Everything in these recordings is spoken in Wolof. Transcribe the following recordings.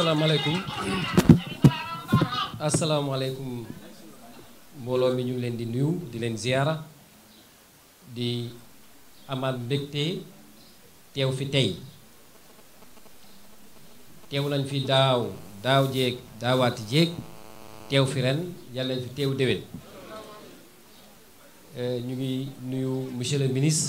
asalaamaaleykum asalaamaaleykum mbooloo mi ñu ngi leen di nuyu di leen ziyaara di amaat mbégte teew fi tey teew nañ fi daaw daaw jéeg daawaati jéeg teew fi ren yàlla nañ fi teew déwén euh, ñu ngi nuyu monsieur le ministre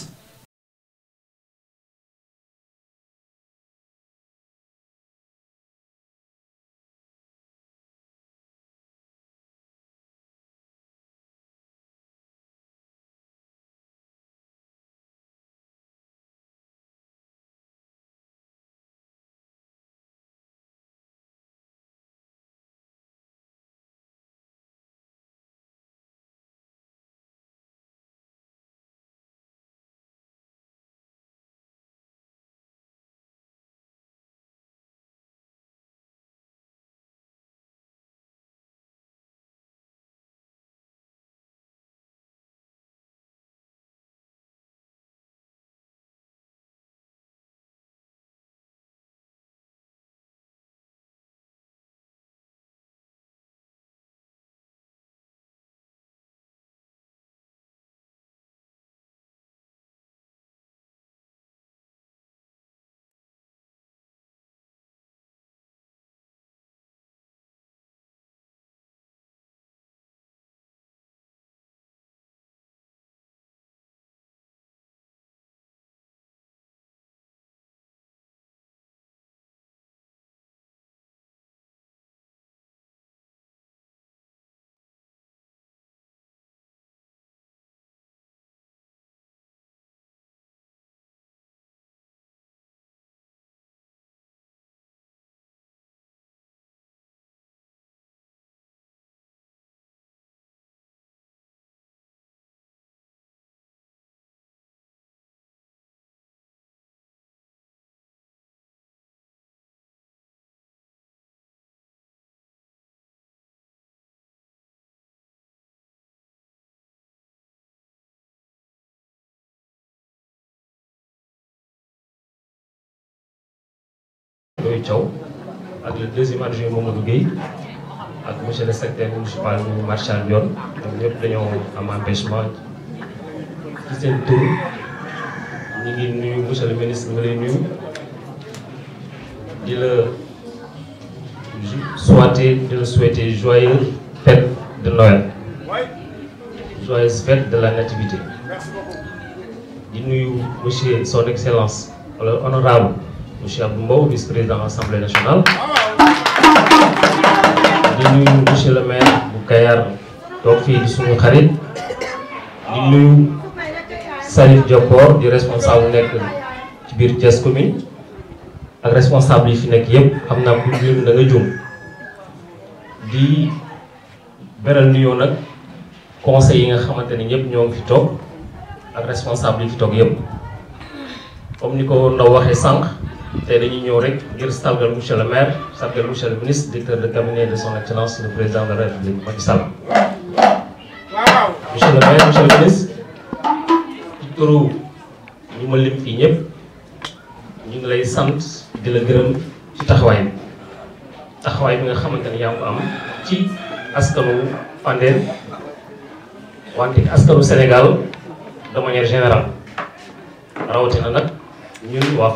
Ndoye avec le deuxième adjoint Gueye monsieur le secrétaire municipal empêchement le ministre souhaiter souhaiter joyeux fête de Noël joyeuse fête de la nativité monsieur son excellence honorable monsieur Abumbo, vice-président l'Assemblée nationale di monsieur le maire Kayar di suñu di responsable de ci biir commune responsable de di beral conseil yi nga xamante ne ñëpp responsable comme tey dañu ñëw rek ngir sargal monsieur le maire sargal monsieur le ministre directeur de cabinet de son excellence le président de la république Macky Sall. monsieur le maire monsieur le ministre turu ñu ma lim ñëpp ñu ngi lay di la gërëm ci taxawaay bi bi nga xamante yaa ko am ci askanu Fandène wante askanu Sénégal de manière générale rawatina nak ñun wa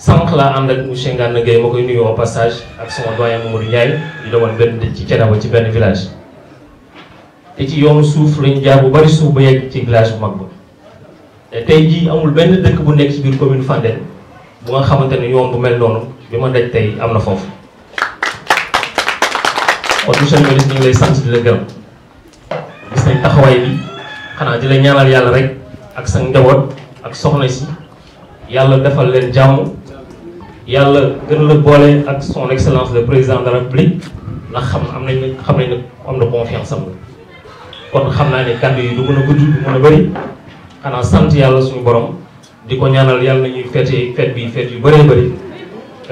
sankla laa ànd ak monsieur Ngane Gueye ma koy nuyu au passage ak son doyen Mamadou Ndiaye ñu demoon benn ci Thiénaba ci ben village te ci yoonu souf lañu jaar bu bari souf ba yegg ci village bu mag ba te tey jii amul ben dekk bu nekk ci bir commune fandel bu nga xamante ne yoon bu mel noonu bima daj tay amna fofu foofu kon sen le ministre lay sant di la gëm gis nañ taxaway bi xana di la ñaanal yalla rek ak sax ndawol ak soxna ci yalla defal len jamm yalla gën la boole ak son excellence le président de la république ndax xam am nañ xam nañ am na confiance am kon xam naa ne kàddu yi du mën a gudd du mën a bëri xanaa sant yàlla suñu borom di ko ñaanal yàlla ñuy fete fête bi fête yu bëree bëri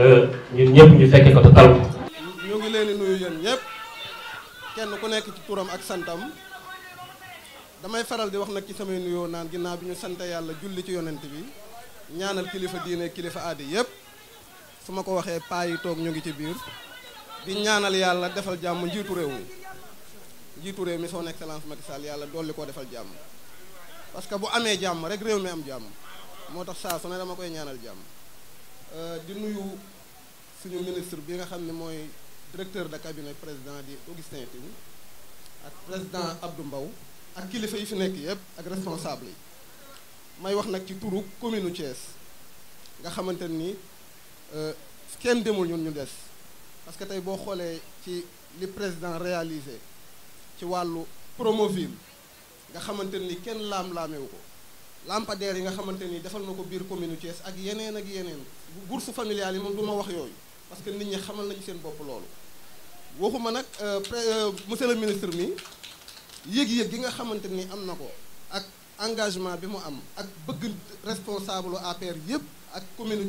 euh, ñun ñëpp ñu fekkee ko te tal ko ñu ngi leen di nuyu yéen ñëpp kenn ku nekk ci turam ak santam damay faral di wax nag ci samay nuyoo naan ginnaaw bi ñu sant yàlla julli ci yonent bi ñaanal kilifa diine kilifa aadi yëpp su ma ko waxee paa yi toog ñu ngi ci biir di ñaanal yàlla defal jàmm njiitu réew mi njiitu réew mi son excellence Macky Sall yàlla dolli koo defal jàmm parce que bu amee jàmm rek réew mi am jàmm moo tax saa su ne dama koy ñaanal jàmm euh, di nuyu suñu ministre bi nga xam ne mooy directeur de cabinet président di Augustin Tine ak président Abdou mbaw ak kilifa yi fi nekk yëpp ak responsable yi may wax nag ci turu commune Thiès nga xamante ni Euh, kenn demul ñun ñu des parce que tey boo xoolee ci li président réalisé ci wàllu promoville nga xamante ni kenn laam-laamewu ko lampadaire yi nga xamante ni defal na ko biir commune Thiès ak yeneen ak yeneen bourse familiale yi moom du ma wax yooyu parce que nit ñi xamal nañu seen bopp loolu waxuma nag euh, euh, monsieur le ministre mi yëg-yëg gi nga xamante ni am na ko ak engagement bi mu am ak bëgg responsable APR yëpp ak commune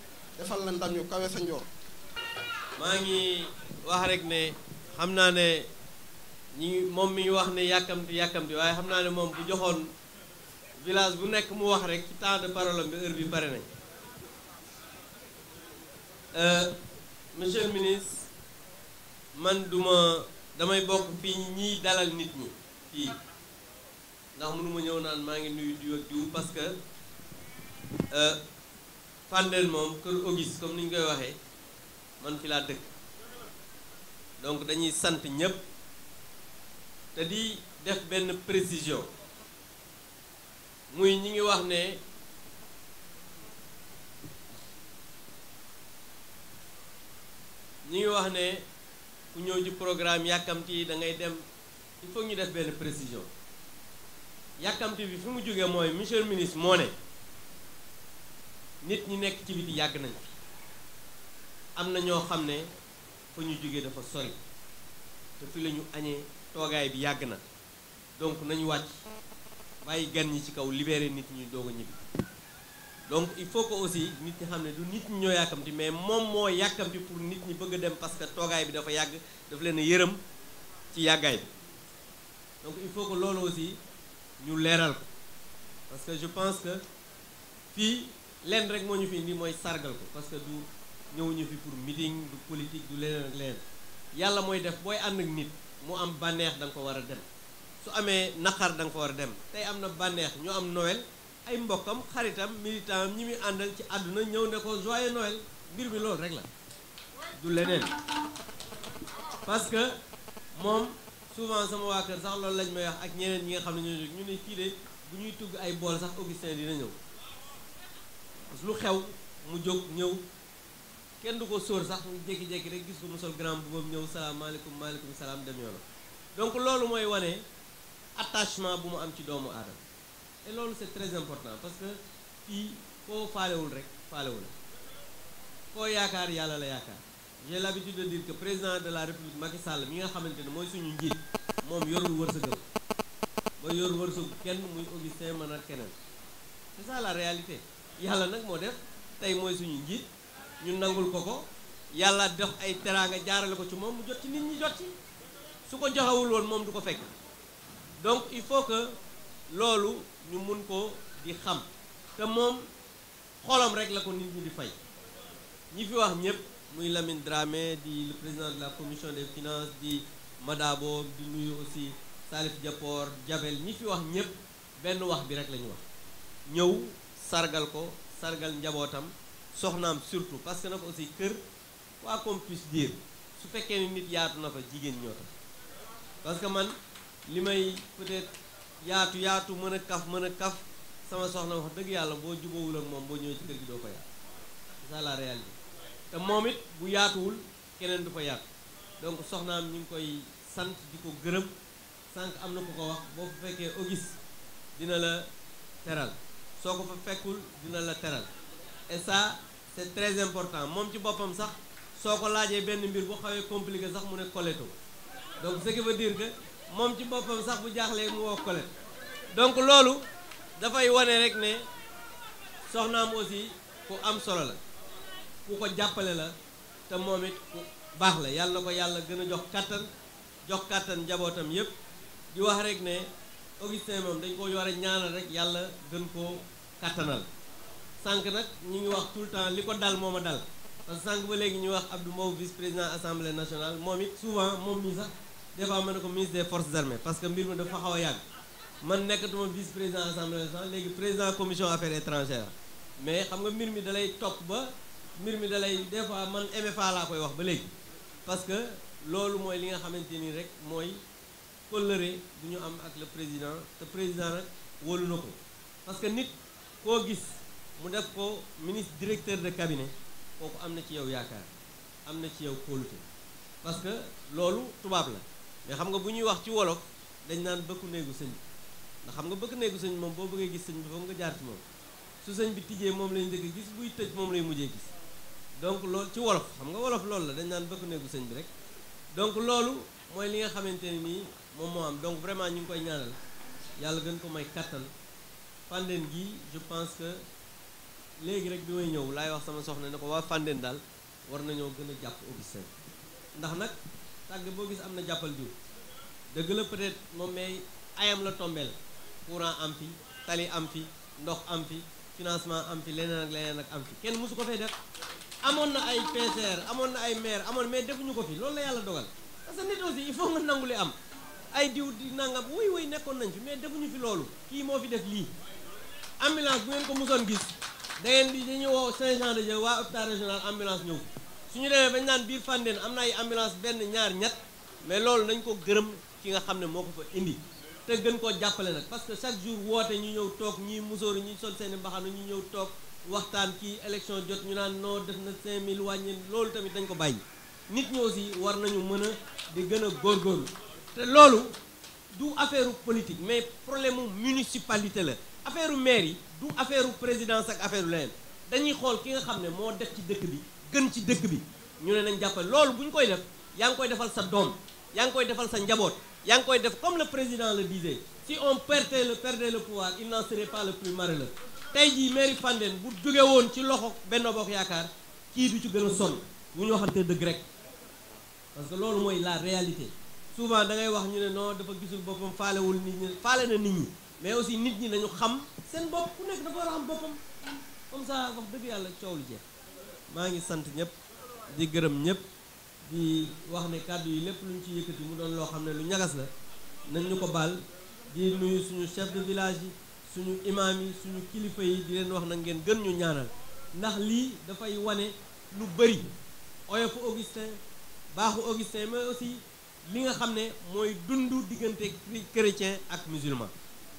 defal la ndam yu kawe sa njoor maa ngi wax rek ne xam naa ne ñi moom mi wax ne yàkkamti yàkkamti waaye xam naa ne moom bu joxoon village bu nekk mu wax rek ci temps de parole bi heure bi pare nañ euh, monsieur le ministre man duma damay bokk fii ñiy dalal nit ñi fii ndax mënuma ñëw naan maa ngi nuyu diw ak diw parce que euh, Pandel mom keur ogis comme niñ koy waxé man fi la dëkk donc dañuy sante ñëpp té di def ben précision muy ñi ngi wax ne ñi wax ne ku ñëw ci programme yakamti da ngay dem il faut ñu def ben précision yakamti bi fi mu moy monsieur ministre nit ñi nekk ci biti yàgg nañ am na ñoo xam ne fa ñu jógee dafa sori te fi la añee toogaay bi yàgg na donc nañu wàcc bàyyi gan ñi ci kaw libéré nit ñi doog a donc il faut que aussi nit ñi xam ne du nit ñi ñoo yàkkamti mais moom moo yàkkamti pour nit ñi bëgg dem parce que toogaay bi dafa yàgg daf leen yërëm ci yàggaay bi donc il faut que loolu aussi ñu leeral ko parce je pense que fii lenn rek moo ñu fi nii mooy sargal ko parce que du ñëwuñu fi pour meeting du politique du leneen ak leneen yàlla mooy def booy ànd ak nit mu am bànneex danga ko war a dem su amee naqar danga ko war a dem tey am na bànneex ñu am Noël ay mbokkam xaritam militant am ñi muy àndal ci àdduna ñëw ne ko joyeux Noël mbir mi loolu rek la du leneen parce que moom souvent sama waa kër sax loolu lañ may wax ak ñeneen ñi nga xam ne ñoo ñu ne fii bu ñuy tugg ay bool sax Augustin dina ñëw lu xew mu jóg ñëw kenn du ko sóor sax mu jékki-jékki rek gis ko mu sol grand boubam ñëw salaamaaleykum maaleykum salaam dem yoonam donc loolu mooy wane attachement bu mu am ci doomu aadama et loolu c'est très important parce que fii koo faalewul rek faalewul koo yaakaar yàlla la yaakaar j'ai l'habitude de dire que président de la république Macky Sall mi nga xamante ne mooy suñu njiit moom yorul wërsëgam ba yorul wërsëgu kenn muy Augustin Manar keneen c'est ça réalité yàlla nag moo def tey mooy suñu njiit ñu nangul ko ko yàlla def ay teraanga jaarale ko ci moom mu jot ci nit ñi jot ci su ko joxewul woon moom du ko fekk donc il faut que loolu ñu mun ko di xam te moom xolam rek la ko nit ñi di fay ñi fi wax ñëpp muy Lamine Dramé di le président de la commission des finances di Madabo di nuyu aussi Salif Diapor Diabel ñi fi wax ñëpp benn wax bi rek la ñu wax ñëw sargal ko sargal njabootam soxnaam surtout parce que ko aussi kër quoi qu'on puisse su fekkee nit yaatu na fa jigéen ñoo tax parce que man li may peut-être yaatu yaatu mën a kaf mën a kaf sama soxna wax dëgg yàlla boo jubawul ak moom boo ñëwee ci kër gi doo ko yaatu c'est ça la te moom it bu yaatuwul keneen du ko yaatu donc soxnaam ñu ngi koy sant di ko gërëm sànq am na ko ko wax boo fekkee Auguste dina la teral soo ko fa fekkul dina la teral et ça c'est très important moom ci boppam sax soo ko laajee benn mbir bu xawee compliqué sax mu ne koleto donc ce qui veut dire moom ci boppam sax bu jaaxlee mu woo kolet donc loolu dafay wane rek ne soxnaam aussi ku am solo la ku ko jàppale la te moom it ku baax la yàlla na ko yàlla gën a jox kàttan jox kàttan njabootam yépp di wax rek ne Augustin moom dañ ko yore ñaanal rek yàlla gën koo kattanal sànq nag ñu ngi wax tout le temps li ko dal moom a dal parce que sànq ba léegi ñu wax Abdou Mbow vice président assemblée nationale moom it souvent moom mii sax des fois ma ne ko ministre des forces armées parce que mbir mi dafa xaw a yàgg man nekkatuma vice président assemblée nationale léegi président commission affaires étrangères mais xam nga mbir mi dalay topp ba mbir mi dalay des fois man MFA laa koy wax ba léegi parce que loolu mooy li nga xamante ni rek mooy kóllëre bu ñu am ak le président te président nag wóolu ko koo gis mu def ko ministre directeur de cabinet kooku am na ci yow yaakaar am na ci yow kóolute parce que loolu tubaab la mais xam nga bu ñuy wax ci wolof dañ naan bëkku néegu sëñ bi ndax xam nga bëkk néegu sëñ moom boo bëggee gis sëñ bi foog nga jaar ci moom su sëñ bi tijjee moom lañ njëkk gis buy tëj moom lay mujjee gis donc loolu ci wolof xam nga wolof loolu la dañ naan bëkk néegu sëñ bi rek donc loolu mooy li nga xamante ne nii moom moo am donc vraiment ñu ngi koy ñaanal yàlla gën ko may kattan Pandengi, gi je pense que léegi rek bi may ñëw laay wax sama soxna ne ko wa fanden nak, war nañu gëna japp jàpp Augustin ndax nak tag bo gis am lo jàppal diw dëgg peut-être may ayam la tombel courant am fi tali am fi ndox am fi financement am fi leneen ak leneen ak am fi kenn musu ko fay def na ay PCR amon na ay maire amon mais defuñu ko fi loolu la yalla dogal parce que nit aussi il faut nga am ay diw di nangam wuy wuy nekkon nañ fi mais defuñu fi loolu kii moo fi def lii ambulance bu ngeen ko musoon gis da ngeen di dañuy woo Saint-Jean-de-Dieu waa hôpital régional ambulance ñëw suñu demee bañ naan biir Fandène am na ay ambulance benn ñaar ñat mais loolu nañ ko gërëm ki nga xam ne moo ko fa indi te gën koo jàppale nag parce que chaque jour woote ñu ñëw toog ñi musóor ñi sol seeni mbaxana ñu ñëw toog waxtaan ki élection jot ñu naan noo def na mille wàññi loolu tamit dañ ko bàyyi nit ñi aussi war nañu mën a di gën a góorgóorlu te loolu du affaire politique mais problème mu municipalité la affaire maire yi du affaire présidence ak affaire leneen dañuy xool ki nga xam ne moo def ci dëkk bi gën ci dëkk bi ñu ne nañ jàppale loolu bu ñu koy def yaa ngi koy defal sa doom yaa ngi koy defal sa njaboot yaa ngi koy def comme le président le disait si on perdait le perdait le pouvoir il n'en serait pas la plus malheureux tey jii mairie Fandène bu jóge woon ci loxo benn Bokk Yaakaar kii du ci gën a sonn bu ñu waxante dëgg rek parce que loolu mooy la réalité souvent da ngay wax ñu ne non dafa gisul boppam faalewul nit ñi faale na nit ñi mais aussi nit ñi nañu xam seen bopp ku nekk dafa war a boppam comme ça wax dëgg yàlla coow lu jeex maa ngi sant ñëpp di gërëm ñëpp di wax ne kàddu yi lépp luñ ci yi mu doon loo xam ne lu ñagas la nañ ñu ko baal di nuyu suñu chef de village yi suñu imaam yi suñu kilifa yi di leen wax na ngeen gën ñu ñaanal ndax lii dafay wane lu bëri oyofu Augustin baaxu Augustin mais aussi li nga xam ne mooy dundu diggante chrétien ak musulman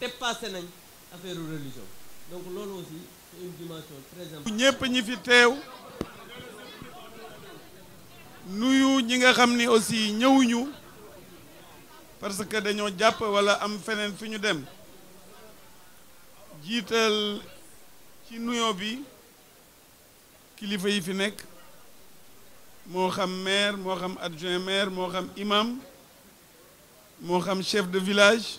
dépassé nañ affaire religion donc aussi c'est une dimension très importante. Nous ñi nous, nous, aussi parce que dañoo Nous Nous am maire nous adjoint maire imam chef de village.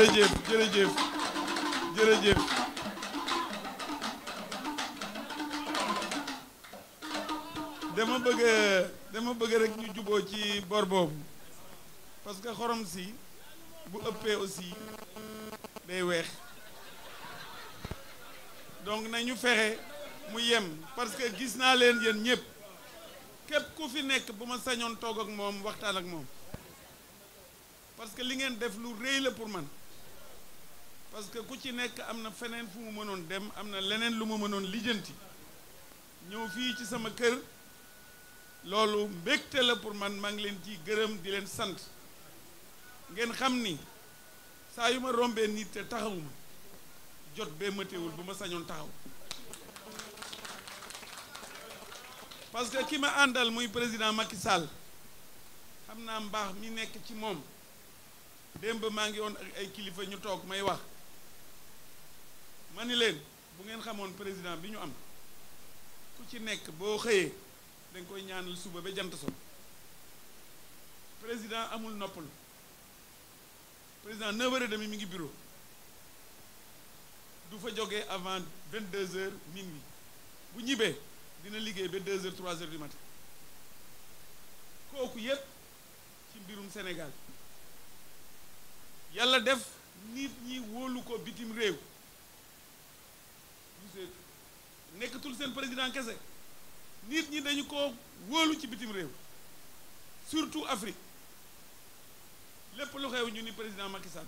jërëjëf jërëjëf jërëjëf dama bëgg dama bëgg rek ñu juboo ci bor boobu parce que xorom si bu ëppee aussi day weex donc nañu fexe mu yem parce que gis naa leen yéen ñëpp képp ku fi nekk bu ma sañoon toog ak moom waxtaan ak moom parce que li ngeen def lu rëy la pour man parce que ku ci nekk am na feneen fu mu mënoon dem am na leneen lu mu mënoon lijjanti ñëw fii ci sama kër loolu mbégte la pour man maa ngi leen ciy gërëm di leen sant ngeen xam ni saa yu ma rombee nit te taxawuma jot bee matewul bu ma sañoon taxaw parce que ki ma àndal muy président Macky Sall xam naa mbaax mi nekk ci moom démb maa ngi woon ay kilifa ñu toog may wax ma ni leen bu ngeen xamoon président bi ñu am ku ci nekk boo xëyee dañ koy ñaanal suba ba jant so président amul noppal président 9 heures et demi mi ngi bureau du fa jógee avant 22 heures minuit bu ñibbee dina liggéey ba 2 heures 3 heures du matin kooku yépp ci mbirum Sénégal yàlla def nit ñi wóolu ko bitim réew nekkatul seen président kese nit ñi dañu ko wóolu ci bitim réew surtout Afrique lépp lu xew ñu ni président Macky Sall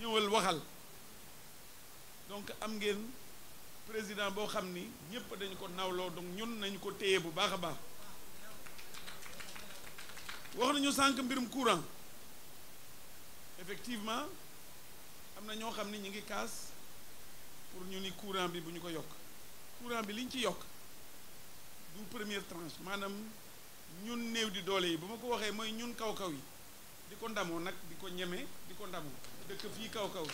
ñëwal waxal donc am ngeen président boo xam ni ñëpp dañu ko nawloo donc ñun nañu ko téye bu baax a baax wax nañu sànq mbirum courant effectivement am na ñoo xam ni ñu ngi kaas pour ñu ni courant bi bu ñu ko yokk courant bi li ñu ci yokk du première tranche maanaam ñun néew di doole yi bu ma ko waxee mooy ñun kaw-kaw yi di ko ndamoo nag di ko ñeme di ko ndamoo dëkk fii kaw-kaw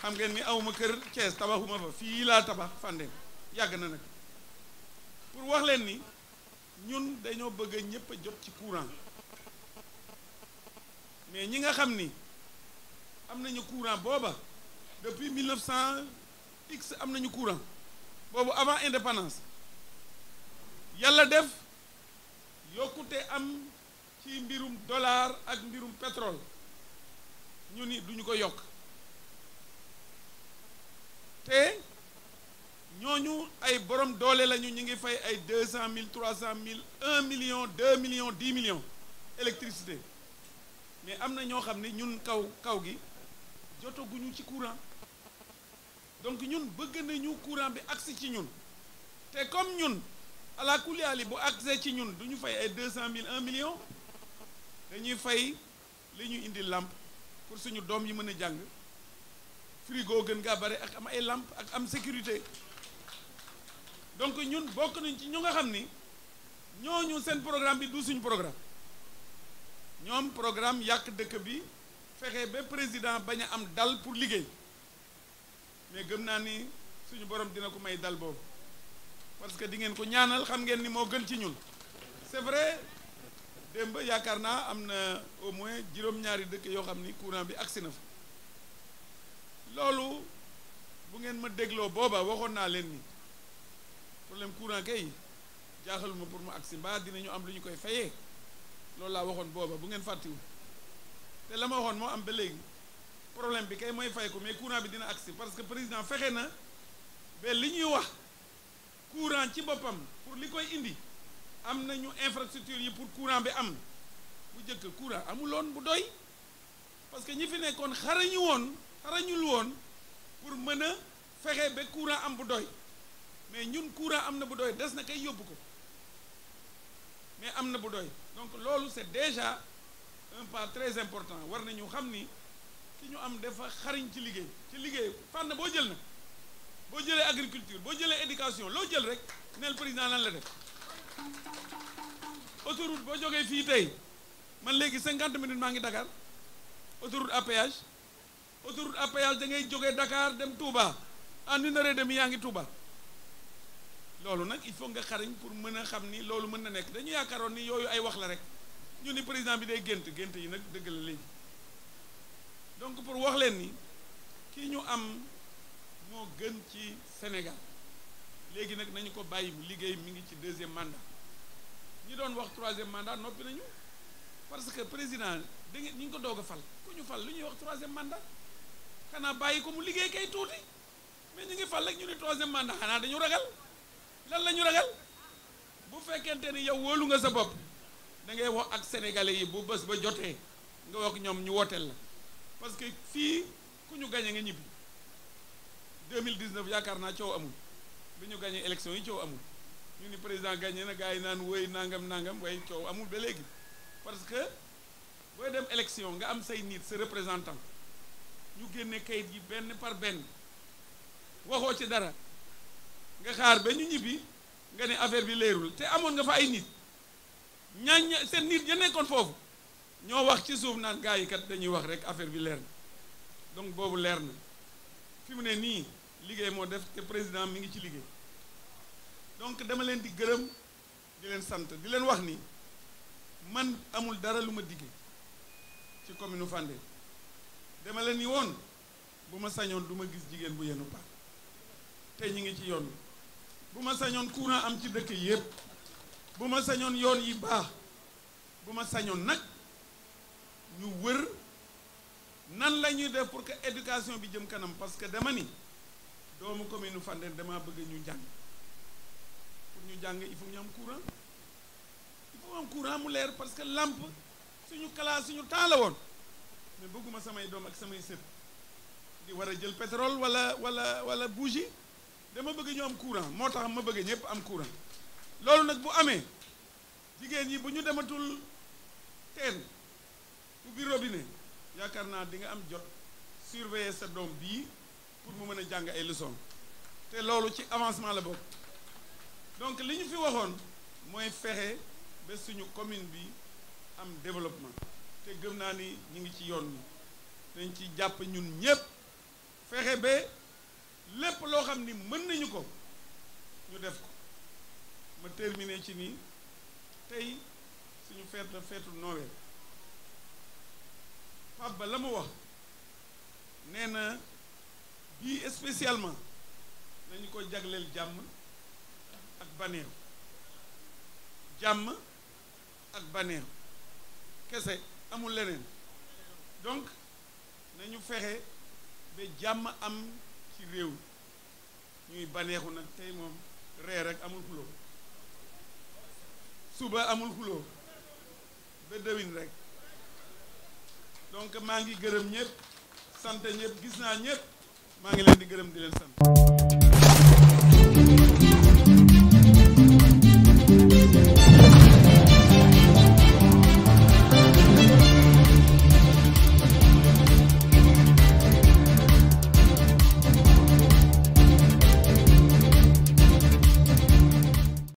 xam ngeen ni awuma kër Thiès tabaxuma fa fii laa tabax Fandène yàgg na nag pour wax leen ni ñun dañoo bëgg ñëpp a jot ci courant mais ñi nga xam ni am nañu courant booba depuis 1900 x am nañu courant avant l'indépendance, il y a am ci mbirum dollar ak mbirum pétrole et ni duñu ko yok té ñoñu ay borom 200 000 300 000 1 million 2 millions 10 millions d'électricité. mais am nous ñoo dollar. ñun kaw kaw gi courant donc ñun bëgg nañu courant bi accès ci ñun te comme ñun ala kulli ali bu agsi ci ñun nous fay ay 200 000, 1 million nous fay li ñu indi pour suñu nous yi mëna jang frigo gën nga bari ak am ay sécurité donc nous bokk nañ programme bi du suñu programme programme président dal pour mais gëm naa ni suñu borom dina ko may dal boobu parce que di ngeen ko ñaanal xam ngeen ni moo gën ci ñun c'est vrai démb yaakaar naa am na au moins juróom-ñaari dëkk yoo xam ni courant bi agsi na fa loolu bu ngeen ma dégloo booba waxoon naa leen ni problème courant kay jaaxaluma pour mu agsi mbaa dinañu am lu ñu koy fayee loolu laa waxoon booba bu ngeen fàttiwu te la ma waxoon moo am ba léegi problème bi kay moy fay ko mais courant bi dina agsi parce que président fexe na ba li ñuy wax courant ci bopam pour li koy indi am nañu infrastructure yi pour courant bi am bu jëkk courant amuloon bu doy parce que ñi fi nekkoon xarañu woon xarañul woon pour mën a fexe ba courant am bu doy mais ñun courant am na bu doy des na kay yóbbu ko mais am na bu doy donc loolu c'est déjà un pas très important war nañu xam ni ki ñu am dafa xariñ ci liggéey ci liggéey fànn boo jël nag boo jëlee agriculture boo jëlee éducation loo jël rek nel président lan la def autoroute boo jógee fii tey man léegi 50 minutes maa ngi Dakar autoroute APH autoroute APH da ngay jógee Dakar dem Touba en une heure et demie yaa ngi Touba loolu nag il faut nga xariñ pour mën a xam ni loolu mën na nekk dañu yaakaaroon ni yooyu ay wax la rek ñu ni président bi day gént gént yi nag dëgg la léegi donc pour wax len ni ki ñu am mo gën ci Sénégal légui nak nañ ko bayyi mu liggéey mi ngi ci deuxième mandat ñi doon wax troisième mandat nopi nañu parce que président da ngeen ñu ko doga fal ku ñu fal lu ñuy wax troisième mandat xana bayyi ko mu liggéey kay tuuti mais ñi ngi fal rek ñu ni troisième mandat xana dañu ragal lan lañu ragal bu fekkente ni yow wolu nga sa bop da ngay wax ak sénégalais yi bu bés ba jotee nga wax ñom ñu wotel parce que fii ku ñu gañe nga ñibbi 2019 yaakaar naa coow amul bi ñu gañe élection yi coow amul ñu ni président gañe na gars yi naan woy nangam nangam waaye coow amul ba léegi parce que booy dem élection nga am say nit sa représentant ñu génne kayit yi benn par ben waxoo ci dara nga xaar ba ñu ñibbi nga ne affaire bi leerul te amoon nga fa ay nit ñaañ seen nit ña nekkoon foofu ño wax ci suuf naan gaay kat dañuy wax rek affaire bi leer donc boobu leer na fi mu ne nii liggéey moo def te président mi ngi ci liggéey donc dama leen di gërëm di leen sant di leen wax ni man amul dara lu ma digge ci commune Fandène dama leen ni woon bu ma sañoon du ma gis jigéen bu yenu paak te ñi ngi ci yoon bu ma sañoon am ci dëkk yépp bu ma sañoon yoon yi baax bu ma sañoon ñu wër nan la ñuy def pour que éducation bi jëm kanam parce que dama ni doomu commune nu fande dama bëgg ñu jàng pour ñu jàng il faut ñu am courant il faut am courant mu leer parce que làmp suñu classe suñu temps la woon mais bëgguma samay doom ak samay sët di war a jël pétrole wala wala wala bougie dama bëgg ñu am courant moo tax ma bëgg ñëpp am courant loolu nag bu amee jigéen ñi bu ñu dematul teen ubbi robinet yaakaar naa di nga am jot surveiller sa doom bii pour mu mën a jàng ay leçons te loolu ci avancement la bokk donc li ñu fi waxoon mooy fexe ba suñu commune bi am développement te gëm naa ni ñu ngi ci yoon wi dañ ci jàpp ñun ñépp fexe ba lépp loo xam ni mën nañu ko ñu def ko ma terminer ci nii tey suñu feet la feetu Noël Pape Ba la mu wax nee na spécialement nañu ko jagleel jam, ak baneew Jam, ak baneew kese amul leneen donc nañu fexe ba jam am ci réew ñuy baneexu nag tey mom, reer rek amul xuloo suba amul xuloo ba dëwin rek donc maa ngi gërëm ñëpp sant ñëpp gis naa ñëpp maa ngi leen di gërëm di leen sant